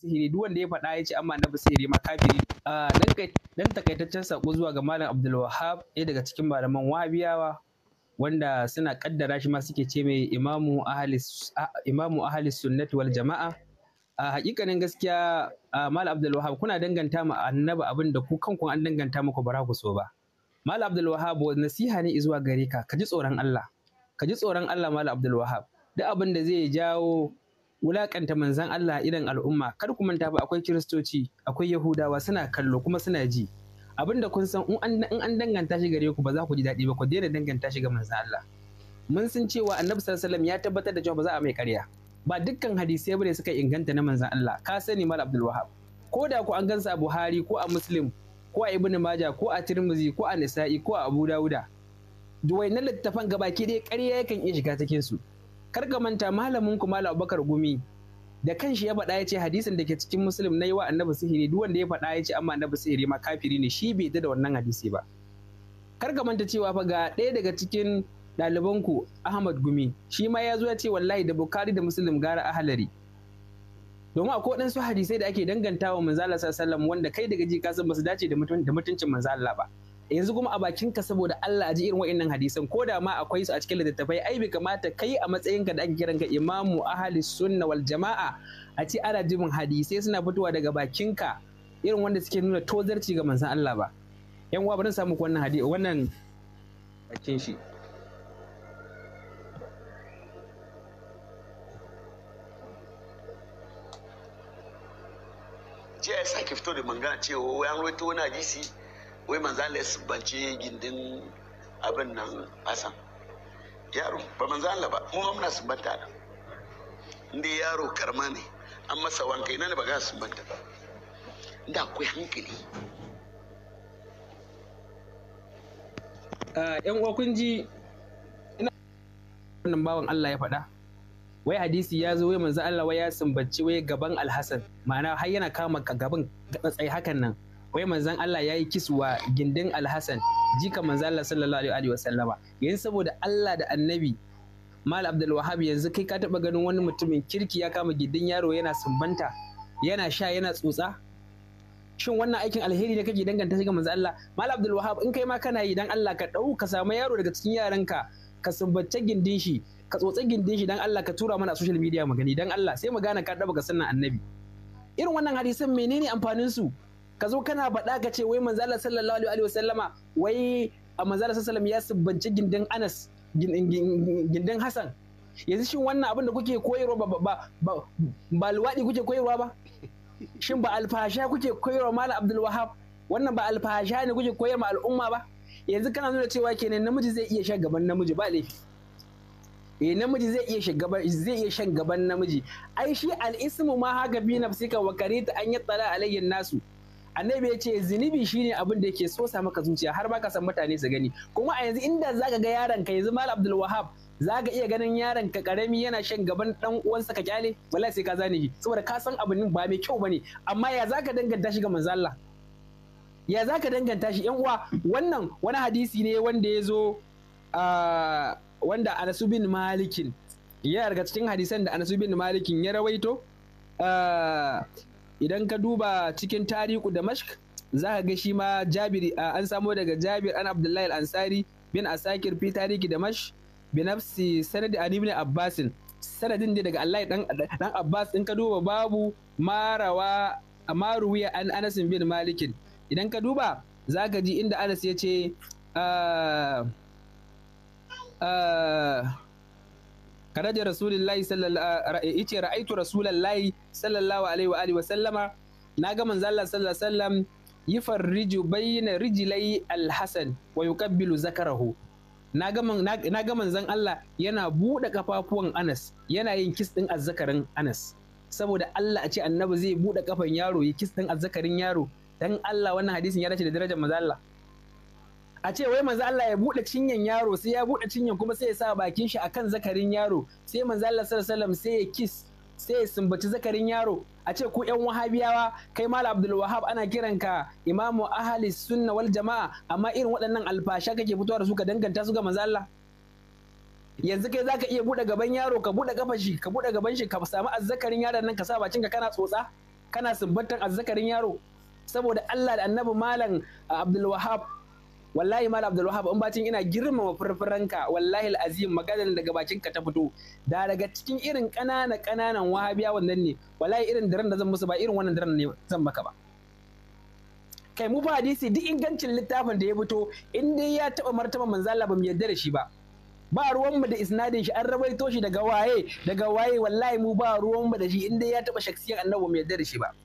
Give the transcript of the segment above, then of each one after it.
sihiri duk wanda ya faɗa ya ce amma ba sihiri ma kafiri ah, dan takaitaccen sako zuwa ga malam Abdul ɗaya daga cikin malaman Wahabiyawa wanda suna kaddara shi ma suke ce mai imamu ahli ah, imamu ahli sunnati wal jama'a a hakikanin gaskiya malam Abdul kuna danganta ma annaba abin da ku kanku an danganta muku bara ku so ba malam Abdul Wahhab nasiha ne zuwa gare ka ka ji tsoron Allah ka ji tsoron Allah malam Abdulwahab, duk abin da zai jawo Wulaƙanta manzan Allah idan al'umma kar ku manta ba akwai kiristoci akwai yahudawa suna kallo kuma suna ji abinda kun san in an danganta shi gare ku ba za ku ji daɗi ba ku daina danganta shi ga manzan Allah mun san cewa annabi sallallahu ya tabbatar da cewa ba za a mai ƙarya ba dukkan hadisai bane suka inganta na manzan Allah ka sani mal Abdul Wahab ko da ku an gansa a Buhari ko a Muslim ko a Ibn Majah ko a Tirmidhi ko a Nisa'i ko a Abu Dawuda na littafan gabaki ɗaya ƙarya yakan iya shiga cikin su kar manta malamin ku malam Abubakar Gumi da kanshi ya faɗa ya ce hadisin da ke cikin musulun na yi wa annabi sihiri duk wanda ya faɗa ya ce amma annabi sihiri ma kafiri ne shi bai da wannan hadisi ba kar manta cewa fa ga ɗaya daga cikin ɗalibanku Ahmad Gumi shi ma ya zo ya ce wallahi da Bukhari da Muslim gara a ahalari domin akwai waɗansu hadisai da ake dangantawa manzala sallallahu alaihi wasallam wanda kai daga ji ka san ba su dace da mutuncin manzala ba yanzu kuma a bakinka saboda Allah a ji irin wa'annan hadisan ko da ma akwai su a cikin littattafai ai bai kamata kai a matsayinka da ake kiran ka imamu ahli sunna wal jama'a a ce ana jibin hadisai suna fitowa daga bakinka irin wanda suke nuna tozarci ga manzon Allah ba yan uwa bari samu wannan hadisi wannan bakin shi jiya ya sake fito da mangana cewa ya an wani hadisi wai manzo Allah ya sumbance gindin abin nan Hassan yaro ba manzo Allah ba mu muna sumbanta da inda yaro karma ne an masa wanka ina ne ba ga sumbanta ba inda akwai hankali ah, yan uwa kun ji ina wannan bawan Allah ya faɗa wai hadisi ya zo wai manzo Allah wai ya sumbaci wai gaban Alhassan ma'ana har yana kama gaban tsaye hakan nan wai manzon Allah ya yi kisuwa gindin alhassan jika manzon Allah sallallahu alaihi wa sallama yayin saboda Allah da annabi mal abdul wahab yanzu kai ka taba ganin wani mutumin kirki ya kama gindin yaro yana sumbanta yana sha yana tsotsa shin wannan aikin alheri ne kake danganta shi ga manzon Allah mal abdul wahab in kai ma kana yi dan Allah ka dau ka samu yaro daga cikin yaranka ka sumbace gindin shi ka tsotsa gindin shi dan Allah ka tura mana a social media magani dan Allah sai mu gane ka daba ga sunan annabi irin wannan hadisan menene amfanin su ka zo kana faɗa ka ce wai manzala sallallahu alaihi wa sallama wai a manzala sallallahu ya subbanci gindin Anas gindin Hassan yanzu shin wannan abin da kuke koyarwa ba ba ba ba kuke koyarwa ba shin ba alfasha kuke koyarwa mala Abdul Wahab wannan ba alfasha ne kuke koyar ma al'umma ba yanzu kana nuna cewa kenan namiji zai iya shan gaban namiji ba laifi eh namiji zai iya shan zai iya shan gaban namiji ai shi al-ismu ma haka bi nafsika wa karita an yattala alayhin nasu annabi ya ce zunubi shine abin da yake so sa maka zuciya har ka san mutane su gani kuma a yanzu inda zaka ga yaron ka yanzu mal abdul wahab zaka iya ganin yaron ka karami yana shan gaban dan uwansa ka kyale wallahi sai ka zane shi saboda ka san abin ba mai kyau bane amma ya zaka danganta shi ga manzo Allah ya zaka danganta shi yan uwa wannan wani hadisi ne wanda ya zo wanda Anas bin Malikin ya daga cikin hadisan da Anas bin Malikin ya rawaito idan ka duba cikin tariku da mashk za ka ga shi ma jabiri an samo daga jabir an abdullahi ansari bin asakir fi tariki da mash binafsi sanadi an ibn abbasin sanadin ne daga allah dan abbas in ka duba babu marawa maruwiya an anas bin malikin idan ka duba za ka ji inda anas ya ce ah, ah, karaja rasulullahi sallallahu yace ra'aitu rasulullahi sallallahu alaihi wa alihi wa sallama naga manzo Allah sallallahu alaihi wasallam yufarriju bayna rijlai alhasan wa yuqabbilu zakarahu naga naga manzon Allah yana bude kafafuwan Anas yana yin kiss din azzakarin Anas saboda Allah a ce annabi zai bude kafan yaro ya kiss din azzakarin yaro dan Allah wannan hadisin ya dace da darajar manzo Allah a ce wai manzo Allah ya bude cinyan yaro sai ya bude cinyan kuma sai ya sa bakin shi akan zakarin yaro sai manzo Allah sallallahu alaihi wasallam sai ya kiss sai ya sumbaci zakarin yaro a ce ku yan wahabiyawa kai malam abdul wahab ana kiranka imamu ahli sunna wal jama'a amma irin waɗannan alfasha kake fitowa da su ka danganta su ga manzo Allah yanzu kai zaka iya bude gaban yaro ka bude kafar shi ka bude gaban shi ka samu azzakarin yaron nan ka sa bakinka kana tsotsa kana sumbatan azzakarin yaro saboda Allah da annabi malam abdul wahab wallahi mal abdul wahab in bacin ina girmama furfuranka wallahi azim maganar daga bakin ka ta fito da daga cikin irin ƙanana ƙananan wahabiya wannan ne wallahi irin daren da zan musu ba irin wannan daren ne zan maka ba kai mu hadisi duk ingancin littafin da ya fito in dai ya taba martaba manzo Allah ba mu yarda da shi ba ba ruwanmu da isnadin shi an rawaito shi daga waye daga waye wallahi mu ba ruwanmu da shi in dai ya taba shaksiyar annabi mu yarda da shi ba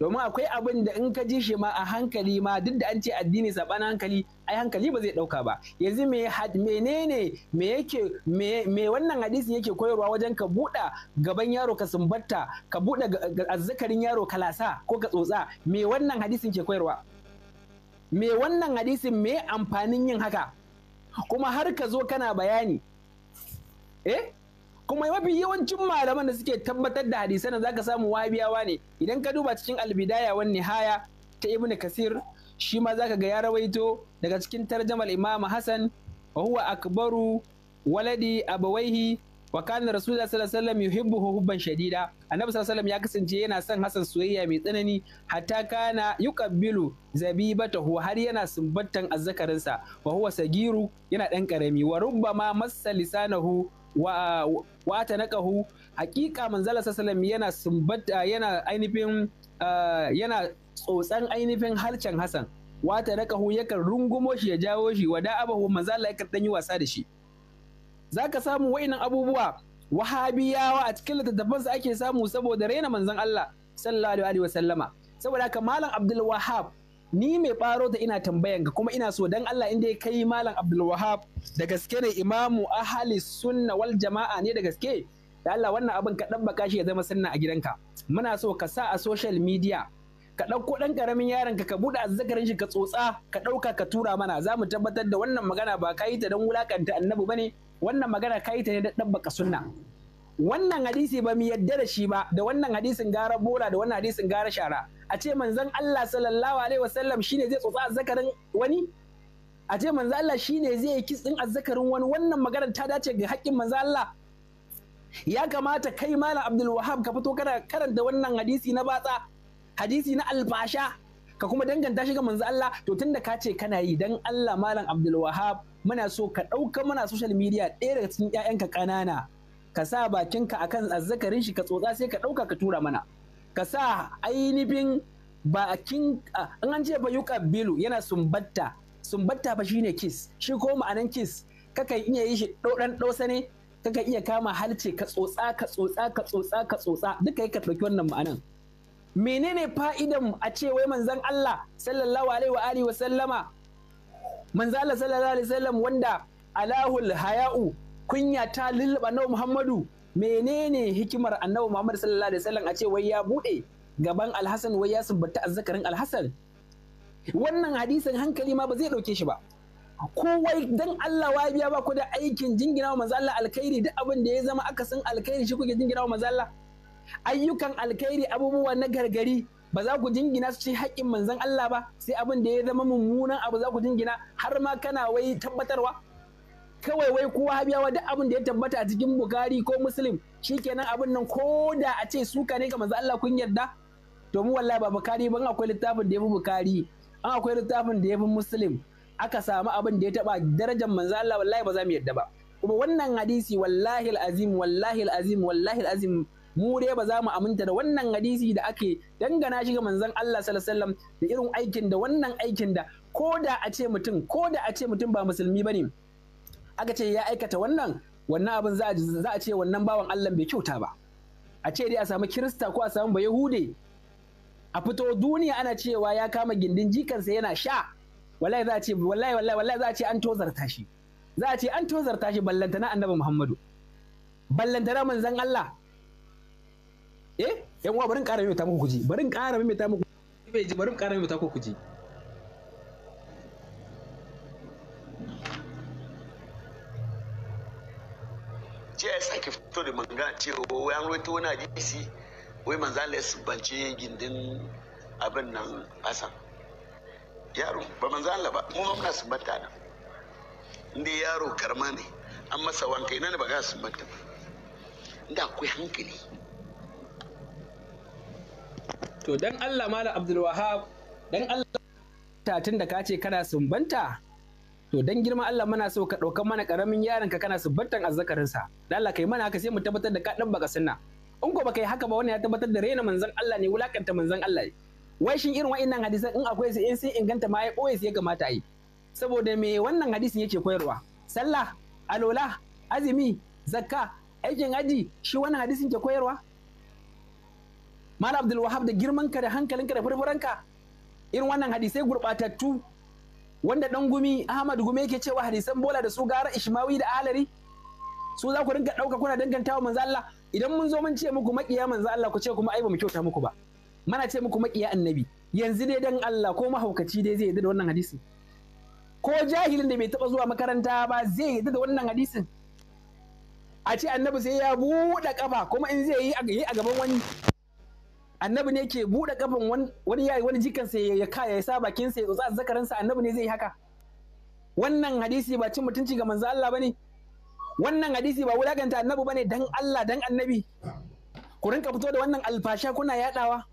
domin akwai abin da in ka ji shi ma a hankali ma duk da an ce addini saɓan hankali ai hankali ba zai ɗauka ba yanzu me menene me yake me wannan hadisin yake koyarwa wajen ka buɗa gaban yaro ka sumbatta ka buɗe azzakarin yaro ka lasa ko ka tsotsa me wannan hadisin ke koyarwa me wannan hadisin me amfanin yin haka kuma har ka zo kana bayani eh kuma mafi yawancin malaman da suke tabbatar da hadisan da zaka samu wabiyawa ne idan ka duba cikin albidaya wan nihaya ta ibnu kasir shi ma zaka ga ya rawaito daga cikin tarjamal imam hasan wa huwa akbaru waladi abawaihi wa kana rasulullah sallallahu alaihi wasallam yuhibbu hubban shadida annabi sallallahu alaihi wasallam ya kasance yana son hasan soyayya mai tsanani hatta kana yuqabbilu zabibatahu har yana sumbantan azzakarinsa wa huwa sagiru yana dan karami wa rubbama massa lisanahu Wata na ƙahu haƙiƙa manzala sallallahu yana sumbata ah, yana ainihin ah, yana tsotsan ainihin halcin Hassan Wata na naqahu yakan rungumo shi ya jawo shi wa da abahu manzala ya kan yi wasa da shi Za ka samu wa'inan abubuwa wahabiyawa a cikin littattafansa ake samu saboda raina manzan Allah sallallahu alaihi wa sallama saboda haka malam Abdul ni mai ɓaro da ina tambayan ka kuma ina so dan Allah inda kai malam Abdulwahab da gaske ne imamu ahli sunna wal jama'a ne da gaske da Allah wannan abin ka dabbaka shi ya zama sunna a gidanka muna so ka sa a social media ka ɗauko ɗan karamin yaron ka ka buɗe azzakarin shi ka tsotsa ka ɗauka ka tura mana za mu tabbatar da wannan magana ba ka ta dan wulakanta annabi bane wannan magana ka yi ta ne da dan baka sunna wannan hadisi ba mu yadda da shi ba da wannan hadisin gara bola da wannan hadisin gara shara a ce manzon Allah sallallahu alaihi wasallam shine zai tsotsa azzakarin wani a ce manzon Allah shine zai yi kitsin azzakarin wani wannan magana ta dace ga haƙƙin manzon Allah ya kamata kai malam Abdul Wahab ka fito kana karanta wannan hadisi na batsa hadisi na albasha ka kuma danganta shi ga Allah to tunda ka ce kana yi dan Allah malam Abdul Wahab muna so ka ɗauka mana social media ɗaya daga cikin 'ya'yanka ƙanana ka sa bakinka akan azzakarin shi ka tsotsa sai ka ɗauka ka tura mana ka sa ainihin bakin in an ce ba yuka bilu yana sumbatta sumbatta ba shine kiss shi ko ma'anan kiss kakan iya yi shi ɗan ɗosa ne kakan iya kama halce ka tsotsa ka tsotsa ka tsotsa ka tsotsa duka ka ɗauki wannan ma'anan menene fa'idan a ce wai manzan Allah sallallahu alaihi wa alihi wa sallama manzan Allah sallallahu alaihi wa sallam wanda alahul haya'u kunya ta lulluɓa nawa Muhammadu menene hikimar annabi Muhammad sallallahu alaihi wasallam a ce wai ya bude gaban Alhassan wai ya subbata azzakarin Alhassan wannan hadisin hankali ma ba zai dauke shi ba ko wai dan Allah wa biya ba ku da aikin jingina wa manzo alkhairi duk abin da ya zama akasin alkhairi shi kuke jingina wa manzo ayyukan alkhairi abubuwa na gargari ba za ku jingina su ce haƙƙin manzon Allah ba sai abin da ya zama mummunan abu za ku jingina har ma kana wai tabbatarwa kawai wai kowa habiyawa duk abin da ya tabbata a cikin bukari ko muslim shikenan abin nan ko da a ce suka ne ga manzo Allah kun yarda to mu wallahi ba bukari ban akwai littafin da ya fi bukari an akwai littafin da ya fi muslim aka samu abin da ya taba darajar manzo Allah wallahi ba za mu yarda ba kuma wannan hadisi wallahi alazim wallahi alazim wallahi alazim mu dai ba za mu aminta da wannan hadisi da ake dangana shi ga manzon Allah sallallahu alaihi wasallam da irin aikin da wannan aikin da ko da a ce mutum ko da a ce mutum ba musulmi bane aka ce ya aikata wannan wannan abin za a ce wannan bawan Allah bai kyauta ba a ce dai a samu kirista ko a samu bayahude a fito duniya ana cewa ya kama gindin jikansa yana sha wallahi za a ce wallahi wallahi wallahi za a ce an tozarta shi za a ce an tozarta shi ballantana annabi Muhammadu ballantana manzon Allah eh yan uwa barin ƙara mai ta muku kuji barin ƙara mai ta muku bari in barin ƙara mai ta muku kuji ga cewa wai an roto wani hadisi wai manzo Allah ya subance gindin abin nan Hassan yaro ba manzo Allah ba mu muna subanta nan inda yaro karma ne an masa wanka ina ne ba ga subanta ba inda akwai hankali to dan Allah mala Abdul Wahab dan Allah tatun da ka ce kana sumbanta to dan girma Allah muna so ka dauka mana ƙaramin yaron ka kana subbantan azzakarinsa dan Allah kai mana haka sai mu tabbatar da ka ɗan baka sunna in ko baka yi haka ba wannan ya tabbatar da rena manzon Allah ne wulakanta manzon Allah ne wai shin irin wa'annan hadisan in akwai su in sun inganta ma ya ɓoye su ya kamata a yi saboda me wannan hadisin yake koyarwa sallah alola azumi zakka aikin aji shi wannan hadisin ke koyarwa Malam Abdul Wahab da girmanka da hankalinka da furfuranka irin wannan hadisai gurɓatattu wanda ɗan gumi Ahmad Gumi yake cewa hadisan bola da su gara Ishmawi da alari su za ku rinka dauka kuna dangantawa manzo Allah idan mun zo mun ce muku makiya manzo Allah ku ce kuma ai ba mu kyauta muku ba mana ce muku makiya annabi yanzu dai dan Allah ko mahaukaci dai zai yi da wannan hadisin ko jahilin da bai taba zuwa makaranta ba zai yarda da wannan hadisin a ce annabi sai ya buɗe kafa kuma in zai yi a gaban wani annabi ne ke buɗe kafan wani yayi wani jikansa ya kaya ya sa bakinsa ya tsotsa zakaransa annabi ne zai yi haka wannan hadisi ba cin mutunci ga manzo Allah bane wannan hadisi ba wulaganta annabi bane dan Allah dan annabi ku rinka fito da wannan alfasha kuna yadawa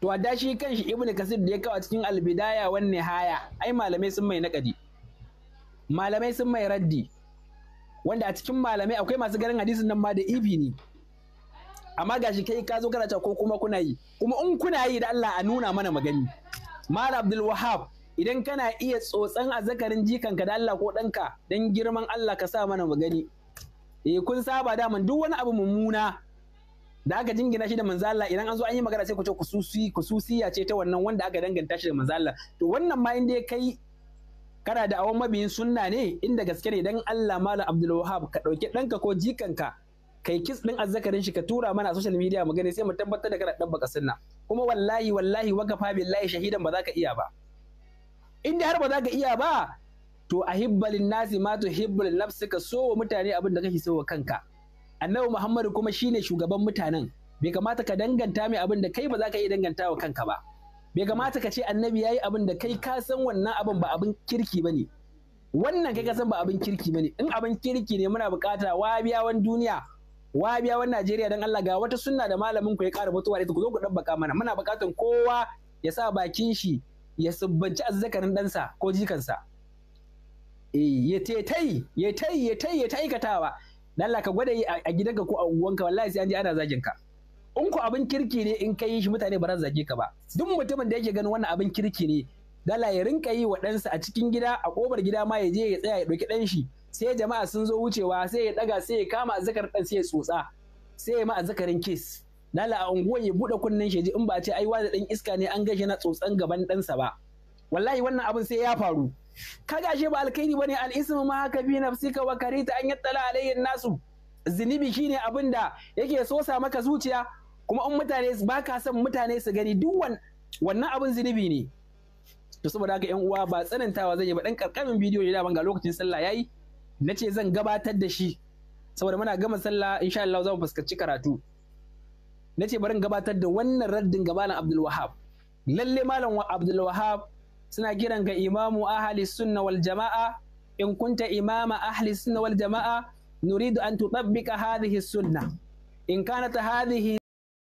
to a dashi kanshi ibnu kasir da ya kawo cikin albidaya wan haya, ai malamai sun mai nakadi malamai sun mai raddi wanda a cikin malamai akwai masu garin hadisin nan ma da ibi ne amma gashi kai ka zo kana ko kuma kuna yi kuma in kuna yi da Allah a nuna mana magani Mara Abdul Wahab idan kana iya tsotsan azzakarin jikanka da Allah ko danka don girman Allah ka sa mana magani eh kun saba daman duk wani abu mummuna da aka jingina shi da manzo Allah idan an zo an yi magana sai ku ce ku susiya ce ta wannan wanda aka danganta shi da manzo Allah to wannan ma inda kai kana da awon mabiyin sunna ne inda gaske ne dan Allah malam Abdul Wahab ka dauke danka ko jikan ka. kai kis din azzakarin shi ka tura mana a social media mu gani sai mu tabbatar da kana dan baka sunna kuma wallahi wallahi wakafa billahi shahidan ba za ka iya ba in har ba za ka iya ba to a nasi ma to hibbalin nafsi ka so wa mutane abin da kake so wa kanka annabi muhammadu kuma shine shugaban mutanen bai kamata ka danganta mai abin da kai ba za ka iya danganta wa kanka ba bai kamata ka ce annabi yayi abin da kai ka san wannan abin ba abin kirki bane wannan kai ka san ba abin kirki bane in abin kirki ne muna bukata wabiyawan duniya wahabiyawan Najeriya dan Allah ga wata sunna da malamin ku ya ƙara mutuwa da ita ku zo ku dabbaka mana muna buƙatar kowa ya sa bakin shi ya subbanci azzakarin ɗansa ko jikansa eh ya tai ya tai ya tai ya tai katawa dan Allah ka gwada yi a gidanka ko a unguwanka wallahi sai an ji ana zagin ka in ku abin kirki ne in kai shi mutane ba za zage ka ba duk mutumin da yake ganin wannan abin kirki ne dala ya rinka yi wa ɗansa a cikin gida a ƙofar gida ma ya je ya tsaya ya ɗauki ɗan shi sai jama'a sun zo wucewa sai ya daga sai ya kama zakar dan sai ya tsotsa sai ya ma zakarin kiss dala a unguwar ya bude kunnen shi in ba ce ai wani dan iska ne an gashi na tsotsan gaban ɗansa ba wallahi wannan abin sai ya faru ka gashi ba alkhairi bane al-ismu ma haka bi nafsika wa karita an yattala alayhi nasu zunubi shine abin da yake sosa maka zuciya kuma in mutane ba ka son mutane su gani duk wannan abin zunubi ne to saboda haka yan uwa ba tsanantawa zan yi ba dan karkamin bidiyo ne da ga lokacin sallah yayi na ce zan gabatar da shi saboda muna gama sallah insha Allah za mu fuskanci karatu na ce bari gabatar da wannan raddin ga malam Abdul Wahab lalle malam Abdul Wahab suna kiran ga imamu ahli sunna wal jama'a in kunta imama ahli sunna wal jama'a nuridu an tutabbiqa hadhihi sunna in kanat hadhihi